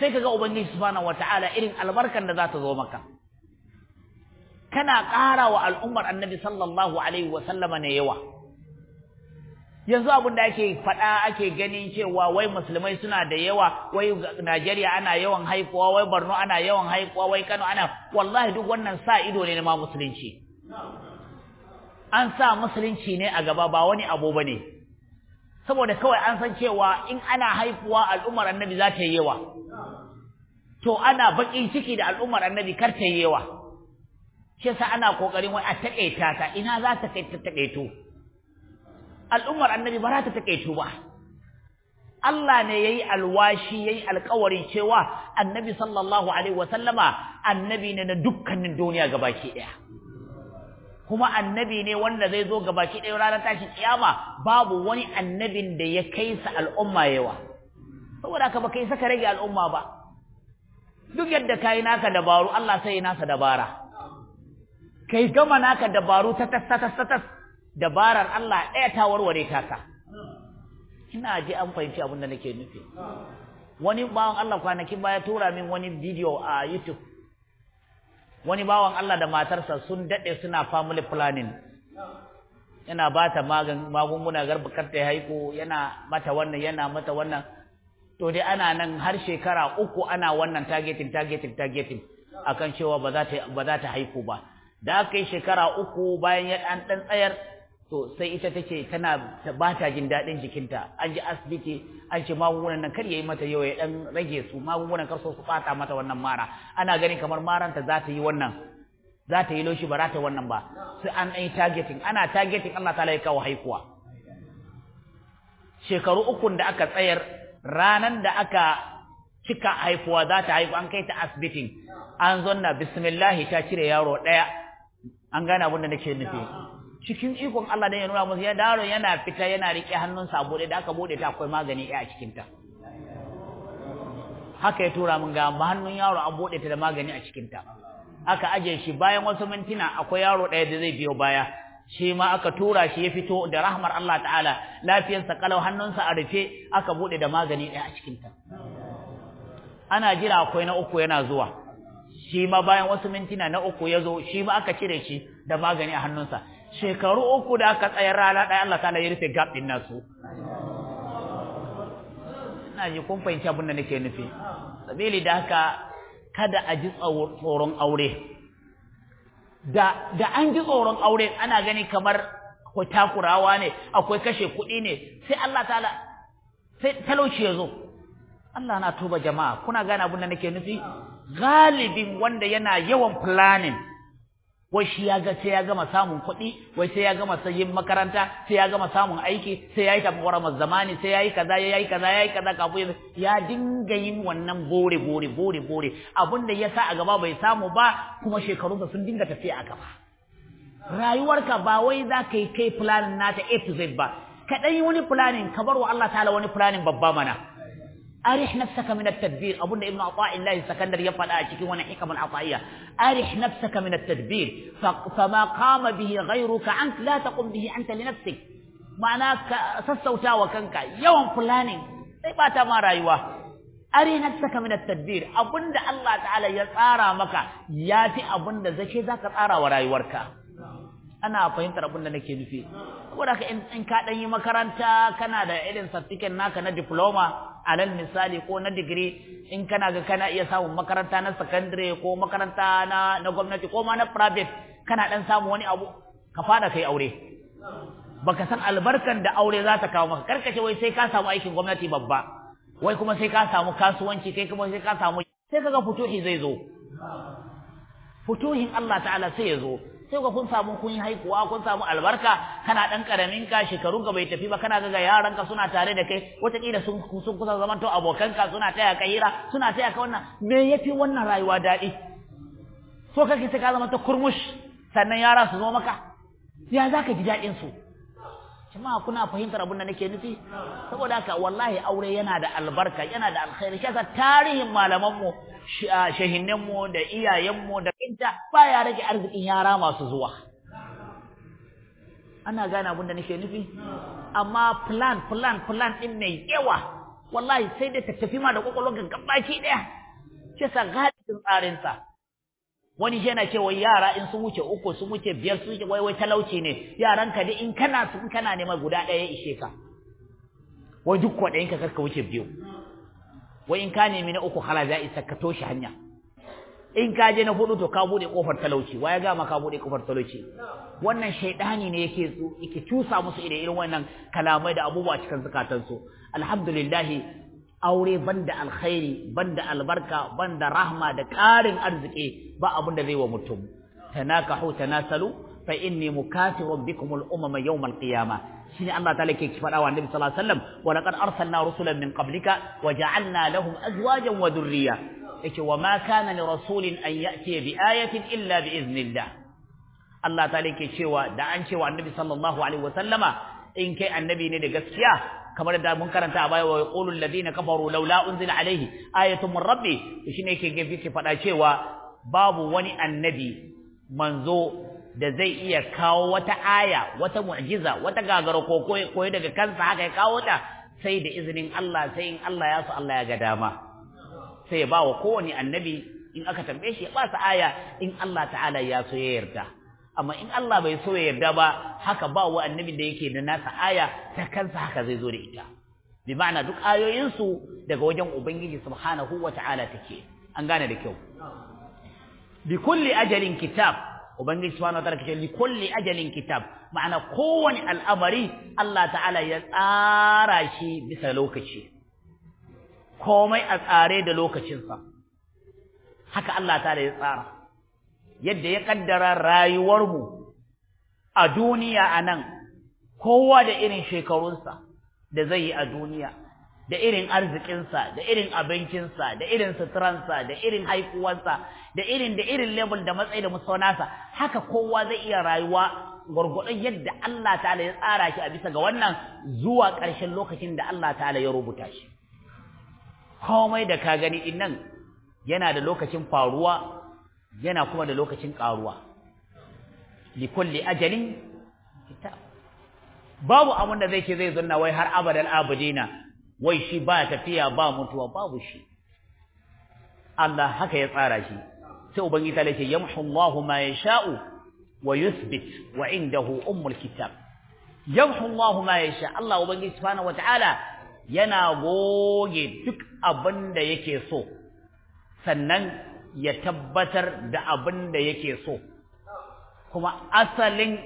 [SPEAKER 1] sai kaga ubangiji subhanahu wataala irin albarkan da za ta zo maka kana ƙara wa al'ummar annabi sallallahu alaihi wasallama ne yawa yanzu abin da ake faɗa ake ganin cewa wai musulmai suna da yawa wai Najeriya ana yawan haikuwa wai Borno ana yawan haikuwa wai Kano ana wallahi duk wannan sa ido ne na ma musulunci an sa musulunci ne a gaba ba wani abu bane saboda kawai an san cewa in ana haifuwa al'ummar annabi za ta yi yawa to ana baƙin ciki da al'ummar annabi kar ta yi yawa shi sa ana kokarin wai a takaita ta ina za ta kai ta al'ummar annabi ba za ta takaito ba Allah ne yayi alwashi yayi alƙawarin cewa annabi sallallahu alaihi wasallama annabi ne na dukkanin duniya gabaki daya kuma annabi ne wanda zai zo ga baki ɗaya ranar tashi kiyama babu wani annabin da ya kai sa al'umma yawa saboda ka baka saka ka rage al'umma ba duk yadda ka yi naka dabaru Allah sai nasa dabara kai gama naka dabaru ta tas tas tas dabarar Allah ɗaya ta warware kasa. ina ji an fahimci abin da nake nufi wani bawan Allah kwanakin baya tura min wani bidiyo a YouTube wani bawan Allah da matarsa sun dade suna family planning yana bata ta magunguna garbakar ta haiku yana mata wannan yana mata wannan to dai ana nan har shekara uku ana wannan targeting targeting targeting akan cewa ba za ta haiku ba da aka yi shekara uku bayan ya dan tsayar to sai ita tace tana ba ta jin daɗin jikinta an ji asibiti an ce magungunan nan kar yayi mata yau ya ɗan rage su magungunan kar so su bata mata wannan mara ana ganin kamar maranta za ta yi wannan za ta yi loshi ba za ta wannan ba sai an yi targeting ana targeting Allah ta laika kawo haikuwa shekaru uku da aka tsayar ranan da aka cika haifuwa za ta haifu an kai ta asibitin an zonna bismillah ta cire yaro ɗaya an gane abin da nake nufi cikin ikon Allah da ya nuna musu ya daro yana fita yana rike a bude da aka bude ta akwai magani a cikin ta haka ya tura mun ga hannun yaro an bude ta da magani a cikin ta aka aje shi bayan wasu mintuna akwai yaro ɗaya da zai biyo baya shi ma aka tura shi ya fito da rahmar Allah ta'ala lafiyarsa kalau hannunsa a rufe aka bude da magani a cikinta ana jira akwai na uku yana zuwa shi ma bayan wasu mintuna na uku ya zo shi ma aka cire shi da magani a hannunsa shekaru uku da aka tsayar rana ɗaya Allah ta'ala ya rufe gab ɗin nasu ina ji kun fahimci abin da nake nufi sabili da haka kada a ji tsoron aure da da an ji tsoron aure ana gani kamar akwai takurawa ne akwai kashe kuɗi ne sai Allah ta'ala sai talauci ya zo Allah na tuba jama'a kuna gane abin da nake nufi galibin wanda yana yawan planning wai shi ya ga sai ya gama samun kuɗi wai sai ya gama sayin makaranta sai ya gama samun aiki sai ya yi tabbara zamani sai ya yi kaza ya yi kaza ya yi kaza kafin ya dinga yin wannan bore bore bore bore abin da ya sa a gaba bai samu ba kuma shekarunsa sun dinga tafiya a gaba rayuwarka ba wai za ka yi kai planning nata A to Z ba ka ɗan yi wani planning ka bar wa Allah ta'ala wani planning babba mana أرح نفسك من التدبير أبونا ابن عطاء الله سكندر يفعل آشكي وانا حكم عطائية أرح نفسك من التدبير فما قام به غيرك عنك لا تقم به أنت لنفسك معناك سسوتا وكنك يوم فلاني طيباتا ما رأيوه أري نفسك من التدبير أبونا الله تعالى يطارى مكا ياتي أبونا زكي ذاك طارى ورأي ورك أنا أفهمت ربنا nake فيه saboda إن كان dan yi makaranta kana da irin certificate naka alal misali ko na digiri in kana ga kana iya samun makaranta na secondary ko makaranta na na gwamnati ko ma na private kana dan samu wani abu ka fada kai aure baka san albarkan da aure za ta kawo maka karkace wai sai ka samu aikin gwamnati babba wai kuma sai ka samu kasuwanci kai kuma sai ka samu sai kaga futuhi zai zo futuhin Allah ta'ala sai ya zo sai ga kun samu kun yi haikuwa kun samu albarka kana ɗan karamin ka shekarun ka bai tafi ba kana ga yaran ka suna tare da kai wataƙila sun sun kusa zaman to abokan ka suna taya ka hira suna taya ka wannan me yafi wannan rayuwa daɗi so kake sai ka zama ta kurmush sannan yara su zo maka ya zaka ji daɗin su jama'a kuna fahimtar abin da nake nufi saboda haka wallahi aure yana da albarka yana da alkhairi shi yasa tarihin malaman mu shahinnenmu da iyayenmu da kinta ya rage arzikin yara masu zuwa ana gane abin nake nufi amma plan plan plan ɗin mai yawa wallahi sai da ta tafi ma da kwakwalwar baki ɗaya. ce sa gadin tsarin tsarinsa. wani shi yana cewa yara in sun wuce uku sun wuce biyar sun wuce wai talauci ne Yaran ka dai in kana su in kana neman guda ɗaya ya ishe ka wai duk kwaɗayin ka karka wuce biyu wa in ka nemi na uku hala isa ka toshe hanya in ka je na hudu to ka bude kofar talauci wa ya ga ma kofar talauci wannan shaydani ne yake su yake musu ire irin wannan kalamai da abubuwa cikin zakatan su alhamdulillah aure banda alkhairi banda albarka banda rahma da ƙarin arziki ba abin da zai wa mutum tanakahu tanasalu fa inni mukafirun bikum al-umama yawm al-qiyamah shine Allah ta'ala ke faɗa wa Annabi sallallahu alaihi wasallam wa laqad arsalna rusulan min qablika wa ja'alna lahum azwajan wa dhurriyya yake wa ma kana li rasulin an ya'ti bi ayatin illa bi iznillah Allah ta'ala ke cewa da an cewa Annabi sallallahu alaihi wasallama in kai annabi ne da gaskiya kamar da mun karanta a baya wa yaqulu alladhina kafaru laula unzila alaihi ayatun min rabbi shine yake ke faɗa cewa babu wani annabi manzo da zai iya kawo wata aya wata mu'jiza wata gagara ko koyi daga kansa haka ya kawo ta sai da izinin Allah sai in Allah ya so Allah ya ga dama sai ya ba wa kowane annabi in aka tambaye shi ya ba sa aya in Allah ta'ala ya so ya yarda amma in Allah bai so ya yarda ba haka ba wa annabi da yake da nasa aya ta kansa haka zai zo da ita bi ma'ana duk ayoyinsu daga wajen ubangiji subhanahu wata'ala take an gane da kyau bi kulli ajalin kitab ubangiji subhanahu ta'ala kace li kulli ajalin kitab ma'ana kowani al'amari Allah ta'ala ya tsara shi bisa lokaci komai a tsare da lokacinsa haka Allah ta'ala ya tsara yadda ya kaddara mu a duniya anan kowa da irin shekarunsa da zai yi a duniya da irin arzikinsa da irin abincinsa da irin suturansa da irin haikuwansa da irin da irin level da matsayi da musaunasa haka kowa zai iya rayuwa gwargwadon yadda Allah ta'ala ya tsara shi a bisa ga wannan zuwa ƙarshen lokacin da Allah ta'ala ya rubuta shi komai da ka gani din nan yana da lokacin faruwa yana kuma da lokacin ƙaruwa kulli ajalin kitab babu abin da zai ce zai zanna wai har abadan abudina wai shi ba tafiya ba mutuwa babu shi Allah haka ya tsara shi sai ubangiji ta lace yamhu Allahu ma yasha'u wa yuthbit wa indahu ummul kitab yamhu Allahu ma yasha Allah ubangiji subhanahu wataala yana goge duk abinda yake so sannan ya tabbatar da abinda yake so kuma asalin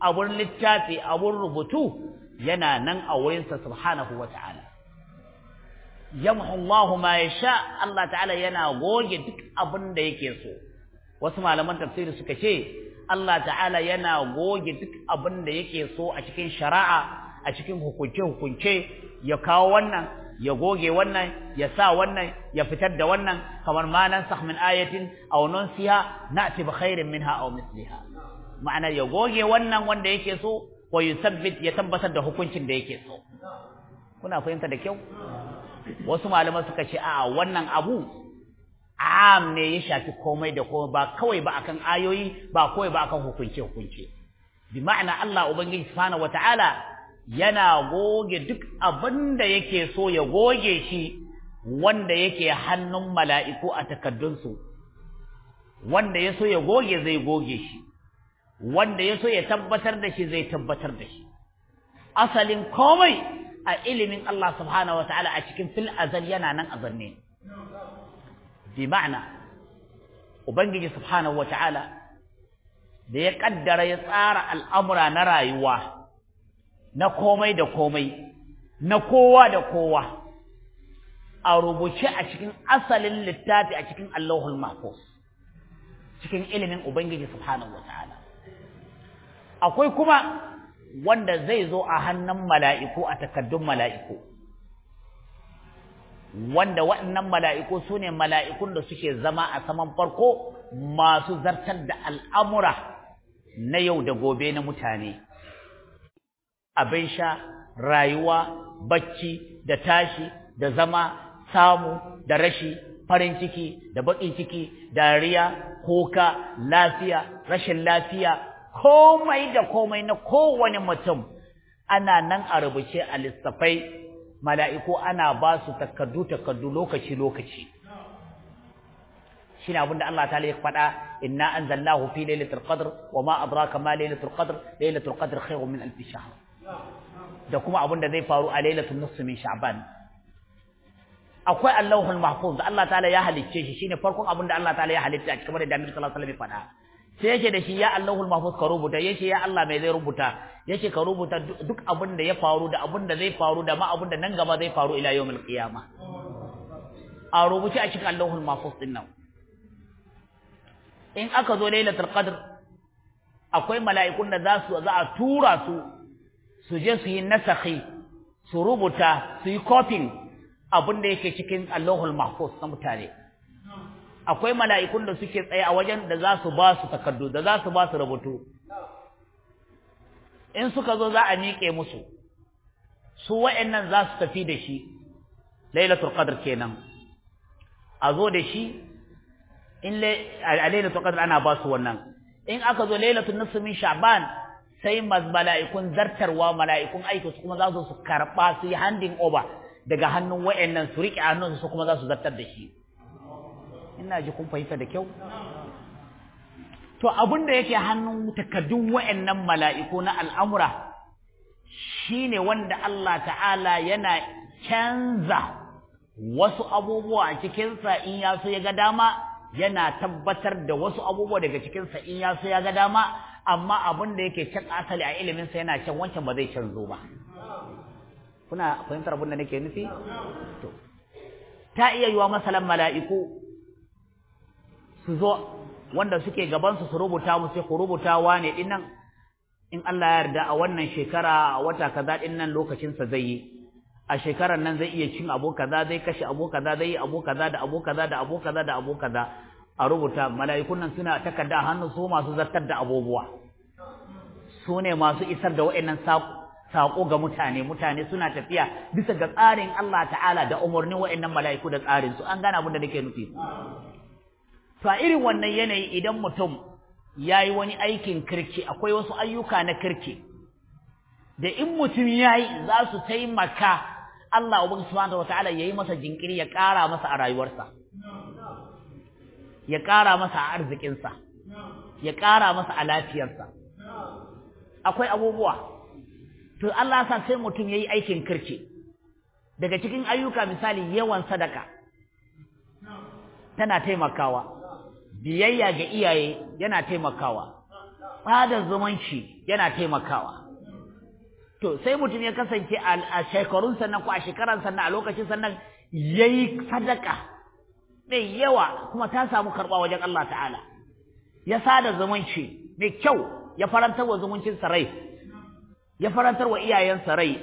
[SPEAKER 1] abun littafi abun rubutu yana nan a wurinsa subhanahu wataala yamhu Allahu ma yasha Allah ta'ala yana goge duk abin da yake so wasu malaman tafsiri suka ce Allah ta'ala yana goge duk abin da yake so a cikin shari'a a cikin hukunce hukunce ya kawo wannan ya goge wannan ya sa wannan ya fitar da wannan kamar ma nan sah min ayatin aw nunsiha na'ti bi khairin minha aw mithliha ma'ana ya goge wannan wanda yake so wa yusabbit ya tabbatar da hukuncin da yake so kuna fahimta da kyau wasu malaman suka ce a wannan abu am ne ya shafi komai da komai ba kawai ba akan ayoyi ba kawai ba akan hukunce hukunce bi ma'ana Allah ubangiji subhanahu wataala yana goge duk abinda yake so ya goge shi wanda yake hannun mala'iku a su. wanda ya so ya goge zai goge shi wanda yaso ya tabbatar da shi zai tabbatar da shi asalin komai a ilimin Allah subhanahu ta'ala a cikin fil azal yana nan azanne bi ma'ana ubangiji subhanahu ta'ala da ya kaddara ya tsara al'amura na rayuwa na komai da komai na kowa da kowa a rubuce a cikin asalin littafi a cikin Allahul Mahfuz cikin ilimin Ubangiji subhanahu ta'ala akwai kuma wanda zai zo a hannun mala'iku a takardun mala'iku wanda waɗannan mala'iku su ne mala'ikun da suke zama a saman farko masu zartar da al'amura na yau da gobe na mutane abin sha rayuwa bacci da tashi da zama samu da rashi farin ciki da baƙin ciki dariya koka lafiya rashin lafiya komai da komai na kowane mutum ana nan a rubuce a lissafai mala'iku ana ba su takardu takardu lokaci lokaci shine abinda Allah Ta ya faɗa inna anzalnahu fi lailatul qadr wama adraka ma lailatul qadr lailatul qadr khayrun min alf shahr da kuma abinda zai faru a lailatul nisf min sha'ban akwai Allahul mahfuz Allah ta'ala ya halicce shi shi ne farkon abinda Allah ta'ala ya halitta kamar da Annabi sallallahu alaihi wasallam ya faɗa sai yake da shi ya Allahul Mahfuz ka rubuta yake ya Allah mai zai rubuta yake ka rubuta duk abin da ya faru da abin da zai faru da ma abin da nan gaba zai faru ila yawmil kiyama a rubuce a cikin Allahul Mahfuz din nan in aka zo lailatul qadr akwai mala'ikun da za su za a tura su su je su yi nasakhi su rubuta su yi copying abin da yake cikin Allahul Mahfuz na mutane akwai mala'ikun da suke tsaye a wajen da za su ba su takardu da za su ba su rubutu in suka zo za a miƙe musu su wa'annan za su tafi da shi lailatul qadr kenan a zo da shi a lailatul qadr ana ba su wannan in aka zo lailatul nisfi min sha'ban sai mala'ikun zartarwa mala'ikun aiki su kuma za su karɓa su yi handing over daga hannun wa'annan su riƙe hannun su kuma za su zartar da shi ina ji kun fahimta da kyau to abin da yake hannun takaddun wa'annan mala'iku na al'amura shine wanda Allah ta'ala yana canza wasu abubuwa a cikinsa in ya so ya ga dama yana tabbatar da wasu abubuwa daga cikinsa in ya so ya ga dama amma abin da yake can asali a iliminsa yana can wancan ba zai canzo ba kuna fahimtar abin da nake nufi ta iya yiwa masalan mala'iku su zo wanda suke gabansu su rubuta mu sai ku rubuta wane din nan in Allah ya yarda a wannan shekara a wata kaza din nan lokacin zai yi a shekarar nan zai iya cin abu kaza zai kashe abu kaza zai yi abu kaza da abu kaza da abu kaza da abu kaza a rubuta mala'ikun nan suna takarda hannu su masu zartar da abubuwa su ne masu isar da wa'annan saƙo ga mutane mutane suna tafiya bisa ga tsarin Allah ta'ala da umarnin wa'annan mala'iku da tsarin su an gane abin da nake nufi to a irin wannan yanayi idan mutum yayi wani aikin kirki akwai wasu ayyuka na kirki da in mutum yayi za su taimaka Allah ubangiji subhanahu wataala yayi masa jinkiri ya kara masa a rayuwarsa ya kara masa a arzikinsa ya kara masa a lafiyarsa akwai abubuwa to Allah sa sai mutum yi aikin kirki daga cikin ayyuka misali yawan sadaka tana taimakawa biyayya ga iyaye yana taimakawa fadar zumunci yana taimakawa to sai mutum ya kasance a shekarun sannan ko a shekaran sannan a lokacin sannan yayi sadaka mai yawa kuma ta samu karɓa wajen Allah ta'ala ya sada zumunci mai kyau ya farantar wa zumuncin sarai ya farantar wa iyayen sarai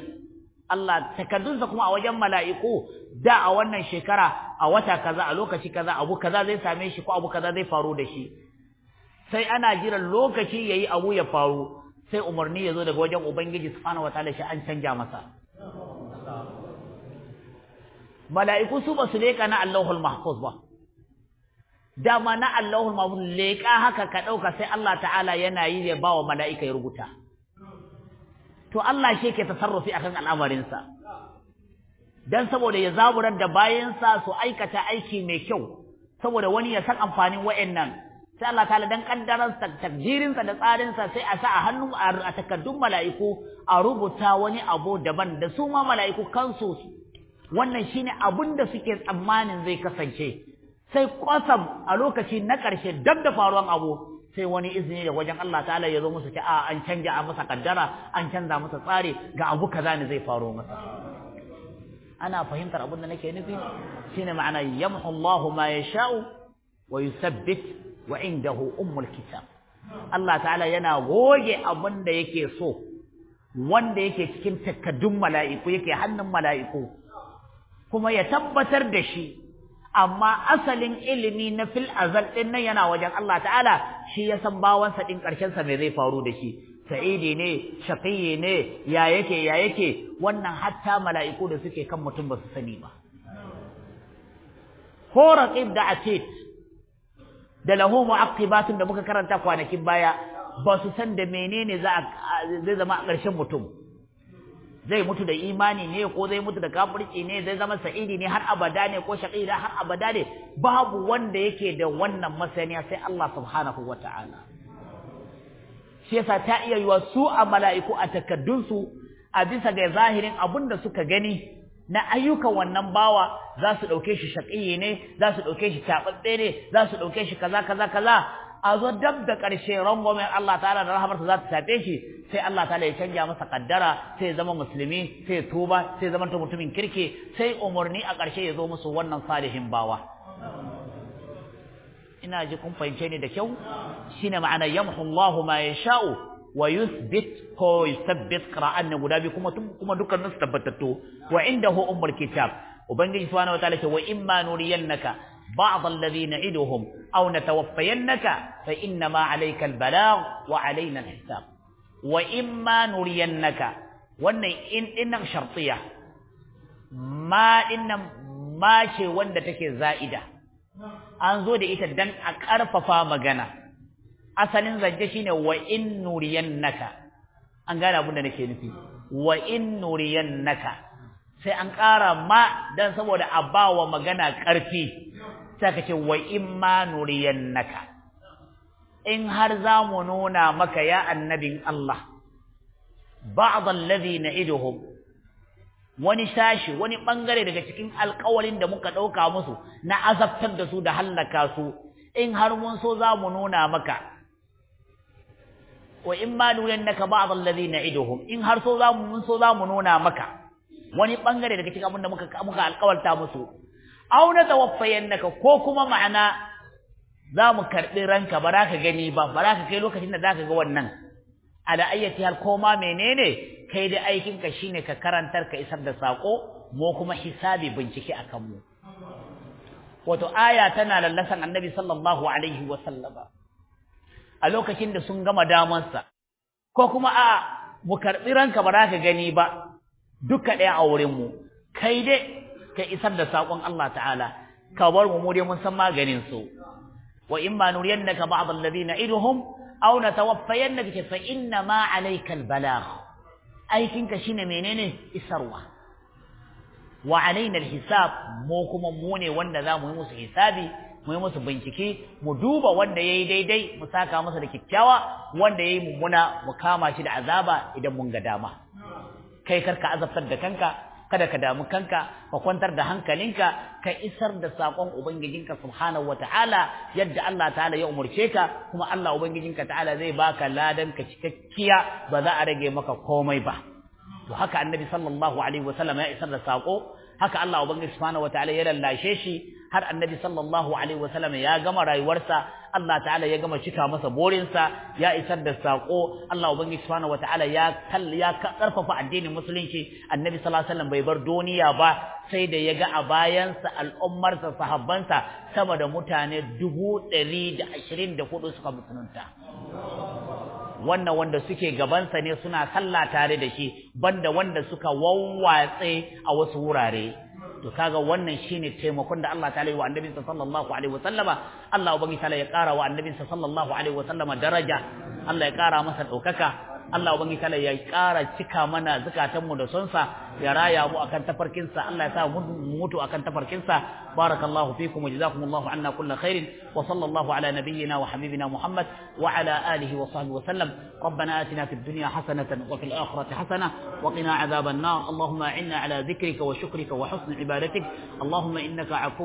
[SPEAKER 1] Allah takardunsa kuma a wajen mala'iku da a wannan shekara a wata kaza a lokaci kaza abu kaza zai same shi ko abu kaza zai faru da shi sai ana jiran lokaci yayi abu ya faru sai umarni ya zo daga wajen ubangiji subhanahu wataala shi an canja masa mala'iku su basu leka na Allahul Mahfuz ba Da ma na Allahul Mahfuz leka haka ka dauka sai Allah ta'ala yana yi ya bawa mala'ika ya rubuta to Allah shi yake tasarrufi akan al'amarin sa dan saboda ya zaburar da bayansa su aikata aiki mai kyau saboda wani ya san amfanin wa'annan sai Allah ta'ala dan kaddaran sa takdirin sa da tsarin sa sai a sa a hannun a takaddun mala'iku a rubuta wani abu daban da su ma mala'iku kansu wannan shine abun da suke tsammanin zai kasance sai kwasam a lokaci na ƙarshe dab da faruwan abu sai wani izini da wajen Allah ta'ala ya zo musu ce a an canja a masa kaddara an canza masa tsari ga abu kaza ne zai faro masa ana fahimtar abin da nake nufi shine ma'ana yamhu Allahu ma yasha'u wa yuthabbit wa indahu ummul kitab Allah ta'ala yana goge abin da yake so wanda yake cikin takaddun mala'iku yake hannun mala'iku kuma ya tabbatar da shi amma asalin ilimi na fil azal din nan yana wajen Allah ta'ala shi ya san bawansa din karshen sa me zai faru da shi sa'idi ne shaqiyi ne ya yake ya yake wannan hatta mala'iku da suke kan mutum ba su sani ba ko raqib da atit da lahu mu'aqibatun da muka karanta kwanakin baya ba su san da menene za zai zama a ƙarshen mutum zai mutu da imani ne ko zai mutu da kafirci ne zai zama sa'idi ne har abada ne ko shaqi har abada ne babu wanda yake da wannan masaniya sai Allah subhanahu wata'ala shi yasa ta iya yiwa su a mala'iku a takaddunsu a bisa ga zahirin abun da suka gani na ayyukan wannan bawa za su ɗauke shi shaƙiyi ne za su ɗauke shi taɓaɓɓe ne za su ɗauke shi kaza kaza kaza a zo dab da ƙarshe rangwamen Allah ta'ala da rahamarsa za ta tafe shi sai Allah ta'ala ya canja masa kaddara sai zama musulmi sai tuba sai zama mutumin kirki sai umarni a ƙarshe ya zo musu wannan salihin bawa ina ji kun fahimce ni da kyau shine ma'ana yamhu Allahu ma yasha'u wa yuthbit ko yuthbit qira'an guda bi kuma kuma dukkan nasu tabbatattu wa indahu ummul kitab ubangiji subhanahu wa ta'ala ce wa imma nuriyannaka ba'd alladhi na'iduhum aw natawaffayannaka fa inna ma 'alayka al-balagh wa 'alayna al-hisab wa imma nuriyannaka wannan in dinnan shartiya ma dinnan ma ce wanda take za'ida an zo da ita dan a ƙarfafa magana asalin zance shine wa in nuriyannaka an gane abin da nake nufi wa in nuriyannaka sai an ƙara ma dan saboda a ba wa magana ƙarfi sai ka ce wa in ma nuriyannaka in har za mu nuna maka ya annabin Allah ba'd alladhi na'iduhum wani sashi wani bangare daga cikin alƙawarin da muka ɗauka musu na azabtar da su da hallaka su in har mun so za mu nuna maka wa in ma nurannaka ba'd na iduhum in har so za mu mun so za mu nuna maka wani ɓangare daga cikin abin da muka muka alƙawarta musu aw na naka ko kuma ma'ana za mu karɓi ranka ba za ka gani ba ba za ka kai lokacin da za ka ga wannan ala ayyati hal koma menene kai da aikin ka shine ka karantar ka isar da sako mu kuma hisabi bincike akan mu wato aya tana lallasan annabi sallallahu alaihi wa sallama a lokacin da sun gama damansa ko kuma a mu karbi ranka ba za ka gani ba duka daya a wurin mu kai dai ka isar da sakon Allah ta'ala ka bar mu mu dai mun san maganin su wa imma nuriyannaka ba'd alladhina iduhum aw na ce fa inna ma alayka bala. aikinka shine menene isarwa wa alaina alhisab mu kuma mu ne wanda za mu yi musu hisabi mu yi musu bincike mu duba wanda yayi daidai mu saka masa da kikkiawa wanda yayi mummuna mu kama shi da azaba idan mun ga dama kai karka azabtar da kanka kada ka damu kanka ka kwantar da hankalinka ka isar da sakon ubangijinka subhanahu wataala yadda Allah ta'ala ya umurce ka kuma Allah ubangijinka ta'ala zai baka ladan ka cikakkiya ba za a rage maka komai ba to haka annabi sallallahu alaihi wasallam ya isar da sako haka Allah ubangiji subhanahu wataala ya lallashe shi har annabi sallallahu alaihi wasallam ya gama rayuwarsa Allah ta'ala ya gama cika masa borinsa ya isar da sako Allah ubangiji subhanahu wataala ya kal ya karfafa addinin musulunci annabi sallallahu alaihi wasallam bai bar duniya ba sai da ya ga a bayansa al'ummarsa sahabbansa sama da mutane dubu da ashirin da hudu suka musulunta wannan wanda suke gabansa ne suna sallah tare da shi banda wanda suka wawwatse a wasu wurare to kaga wannan shine taimakon da Allah ta'ala wa annabinsa sallallahu alaihi wa sallama Allah ubangi ta'ala ya kara wa annabinsa sallallahu alaihi wa sallama daraja Allah ya kara masa daukaka Allah ubangi kala ya kara cika mana zukatanmu da sonsa ya raya mu akan tafarkin sa Allah ya sa mu mutu akan tafarkin sa barakallahu fikum wa jazakumullahu anna kull khairin wa sallallahu ala nabiyyina wa habibina Muhammad wa ala alihi wa sahbihi wa sallam rabbana atina fid dunya hasanatan wa fil akhirati حسنة wa qina adhaban nar allahumma inna ala dhikrika wa shukrika wa husni ibadatik allahumma innaka عفو